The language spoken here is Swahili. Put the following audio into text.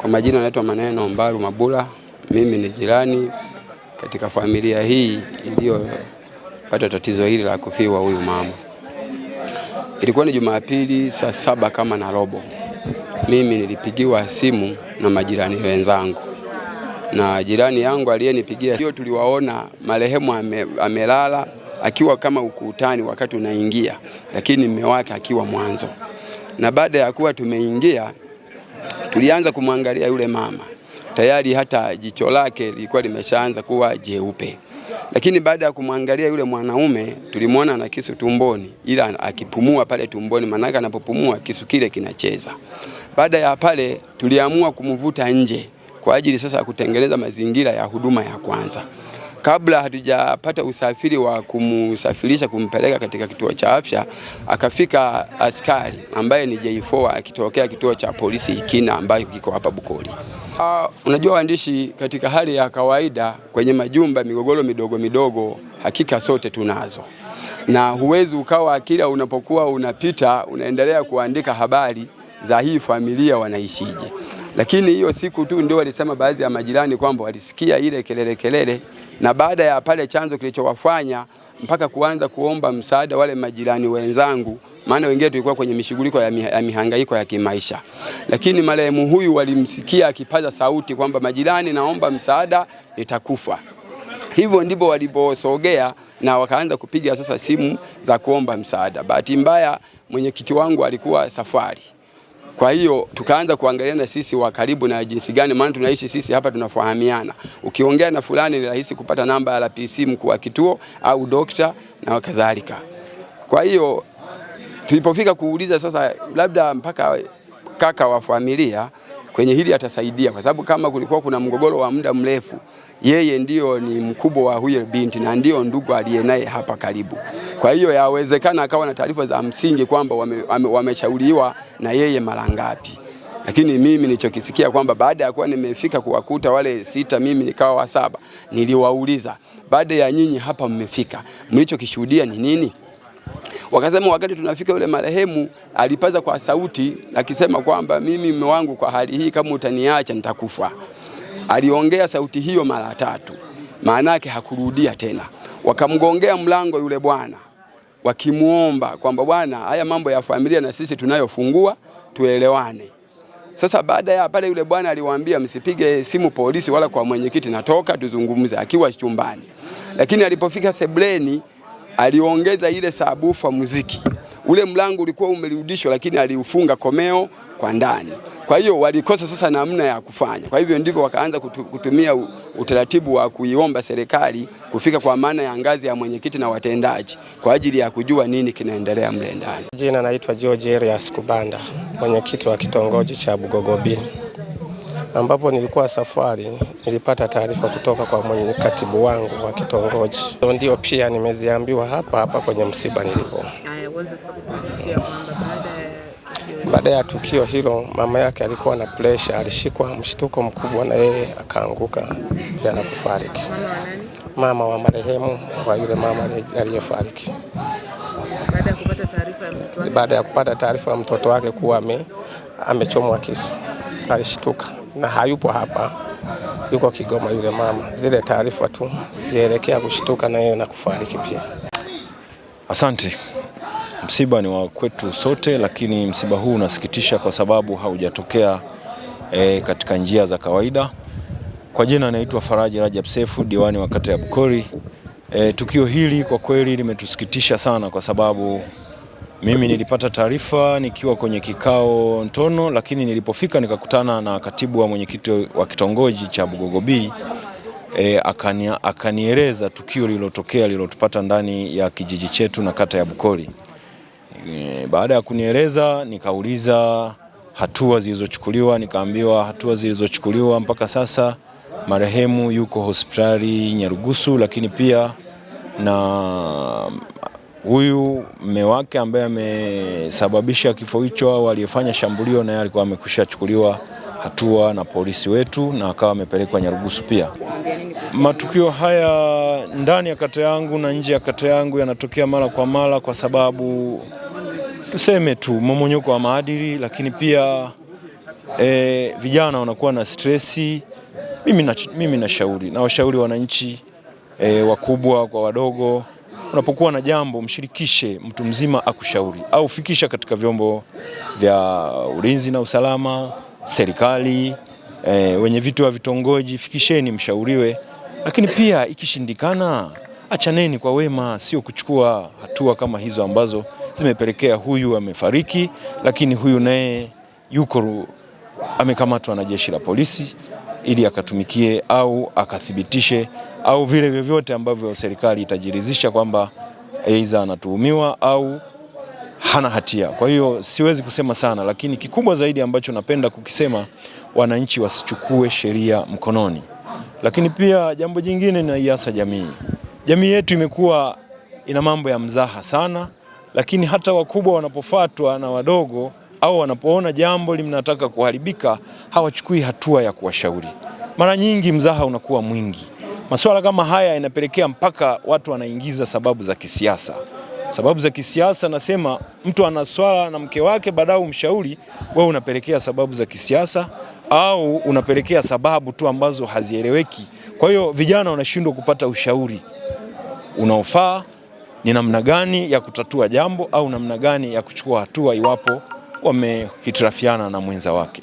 Kwa majina anaitwa Maneno Mbaru Mabula. Mimi ni jirani katika familia hii iliyopata tatizo hili la kufiwa huyu mama. Ilikuwa ni Jumapili saa saba kama na robo, mimi nilipigiwa simu na majirani wenzangu, na jirani yangu aliyenipigia hiyo, tuliwaona marehemu ame, amelala akiwa kama ukutani wakati unaingia, lakini mme wake akiwa mwanzo, na baada ya kuwa tumeingia Tulianza kumwangalia yule mama, tayari hata jicho lake lilikuwa limeshaanza kuwa jeupe, lakini baada ya kumwangalia yule mwanaume tulimwona na kisu tumboni, ila akipumua pale tumboni, maanake anapopumua kisu kile kinacheza. Baada ya pale, tuliamua kumvuta nje kwa ajili sasa ya kutengeneza mazingira ya huduma ya kwanza kabla hatujapata usafiri wa kumusafirisha kumpeleka katika kituo cha afya, akafika askari ambaye ni J4 akitokea kituo cha polisi Ikina ambayo kiko hapa Bukoli. Uh, ah, unajua waandishi, katika hali ya kawaida kwenye majumba, migogoro midogo midogo hakika sote tunazo, na huwezi ukawa akila unapokuwa unapita unaendelea kuandika habari za hii familia wanaishije. Lakini hiyo siku tu ndio walisema baadhi ya majirani kwamba walisikia ile kelele kelele, na baada ya pale chanzo kilichowafanya mpaka kuanza kuomba msaada wale majirani wenzangu, maana wengine tulikuwa kwenye mishughuliko ya mihangaiko ya kimaisha, lakini marehemu huyu walimsikia akipaza sauti kwamba majirani, naomba msaada, nitakufa. Hivyo ndipo waliposogea na wakaanza kupiga sasa simu za kuomba msaada. Bahati mbaya mwenyekiti wangu alikuwa safari. Kwa hiyo tukaanza kuangaliana sisi wa karibu na jinsi gani, maana tunaishi sisi hapa, tunafahamiana. Ukiongea na fulani ni rahisi kupata namba ya RPC, mkuu wa kituo au dokta na kadhalika. Kwa hiyo tulipofika kuuliza sasa, labda mpaka kaka wa familia kwenye hili atasaidia, kwa sababu kama kulikuwa kuna mgogoro wa muda mrefu, yeye ndiyo ni mkubwa wa huyo binti na ndiyo ndugu aliyenaye hapa karibu. Kwa hiyo yawezekana akawa na taarifa za msingi kwamba wameshauriwa wame, wame na yeye mara ngapi, lakini mimi nilichokisikia kwamba baada ya kuwa nimefika kuwakuta wale sita, mimi nikawa wa saba, niliwauliza baada ya nyinyi hapa mmefika, mlichokishuhudia ni nini? Wakasema wakati tunafika yule marehemu alipaza kwa sauti akisema kwamba mimi mume wangu, kwa hali hii kama utaniacha nitakufa. Aliongea sauti hiyo mara tatu, maana yake hakurudia tena. Wakamgongea mlango yule bwana, wakimuomba kwamba bwana, haya mambo ya familia na sisi tunayofungua, tuelewane. Sasa baada ya pale, yule bwana aliwaambia msipige simu polisi wala kwa mwenyekiti, natoka tuzungumze, akiwa chumbani. Lakini alipofika sebleni aliongeza ile sabufa muziki. Ule mlango ulikuwa umerudishwa, lakini aliufunga komeo kwa ndani. Kwa hiyo walikosa sasa namna ya kufanya, kwa hivyo ndivyo wakaanza kutumia utaratibu wa kuiomba serikali kufika kwa maana ya ngazi ya mwenyekiti na watendaji kwa ajili ya kujua nini kinaendelea mle ndani. Jina naitwa George Elias Kubanda, mwenyekiti wa kitongoji cha Bugogobini ambapo nilikuwa safari, nilipata taarifa kutoka kwa mwenye katibu wangu wa kitongoji, ndio pia nimeziambiwa hapa hapa kwenye msiba nilipo. Baada ya tukio hilo, mama yake alikuwa na presha, alishikwa mshtuko mkubwa na yeye akaanguka pia na kufariki. Mama wa marehemu wa yule mama aliyefariki baada ya kupata taarifa ya mtoto wake kuwa amechomwa kisu alishtuka na hayupo hapa, yuko Kigoma yule mama. Zile taarifa tu zielekea kushtuka na yeye na kufariki pia. Asante. Msiba ni wa kwetu sote, lakini msiba huu unasikitisha kwa sababu haujatokea e, katika njia za kawaida. Kwa jina anaitwa Faraji Rajab Sefu, diwani wa kata ya Bukori. E, eh, tukio hili kwa kweli limetusikitisha sana kwa sababu mimi nilipata taarifa nikiwa kwenye kikao Ntono, lakini nilipofika nikakutana na katibu wa mwenyekiti wa kitongoji cha Bugogo B e, akani, akanieleza tukio lililotokea lililotupata ndani ya kijiji chetu na kata ya Bukoli. E, baada ya kunieleza nikauliza hatua zilizochukuliwa, nikaambiwa hatua zilizochukuliwa mpaka sasa marehemu yuko hospitali Nyarugusu, lakini pia na huyu mme wake ambaye amesababisha kifo hicho au aliyefanya shambulio naye alikuwa amekushachukuliwa hatua na polisi wetu na akawa amepelekwa Nyarugusu. Pia matukio haya ndani ya kata yangu na nje ya kata yangu yanatokea mara kwa mara, kwa sababu tuseme tu momonyoko wa maadili, lakini pia e, vijana wanakuwa na stresi. Mimi nashauri na washauri wananchi e, wakubwa kwa wadogo unapokuwa na jambo mshirikishe mtu mzima akushauri au fikisha katika vyombo vya ulinzi na usalama, serikali, e, wenye vitu wa vitongoji, fikisheni mshauriwe. Lakini pia ikishindikana, achaneni kwa wema, sio kuchukua hatua kama hizo ambazo zimepelekea huyu amefariki, lakini huyu naye yuko amekamatwa na jeshi la polisi ili akatumikie au akathibitishe au vile vyovyote ambavyo serikali itajiridhisha kwamba aidha anatuhumiwa au hana hatia. Kwa hiyo siwezi kusema sana, lakini kikubwa zaidi ambacho napenda kukisema, wananchi wasichukue sheria mkononi. Lakini pia jambo jingine naiasa jamii. Jamii yetu imekuwa ina mambo ya mzaha sana, lakini hata wakubwa wanapofatwa na wadogo au wanapoona jambo limnataka kuharibika hawachukui hatua ya kuwashauri. Mara nyingi mzaha unakuwa mwingi. Masuala kama haya yanapelekea mpaka watu wanaingiza sababu za kisiasa. Sababu za kisiasa, nasema mtu ana swala na mke wake, baadaye umshauri wewe, unapelekea sababu za kisiasa au unapelekea sababu tu ambazo hazieleweki. Kwa hiyo vijana wanashindwa kupata ushauri unaofaa ni namna gani ya kutatua jambo au namna gani ya kuchukua hatua iwapo wamehitirafiana na mwenza wake.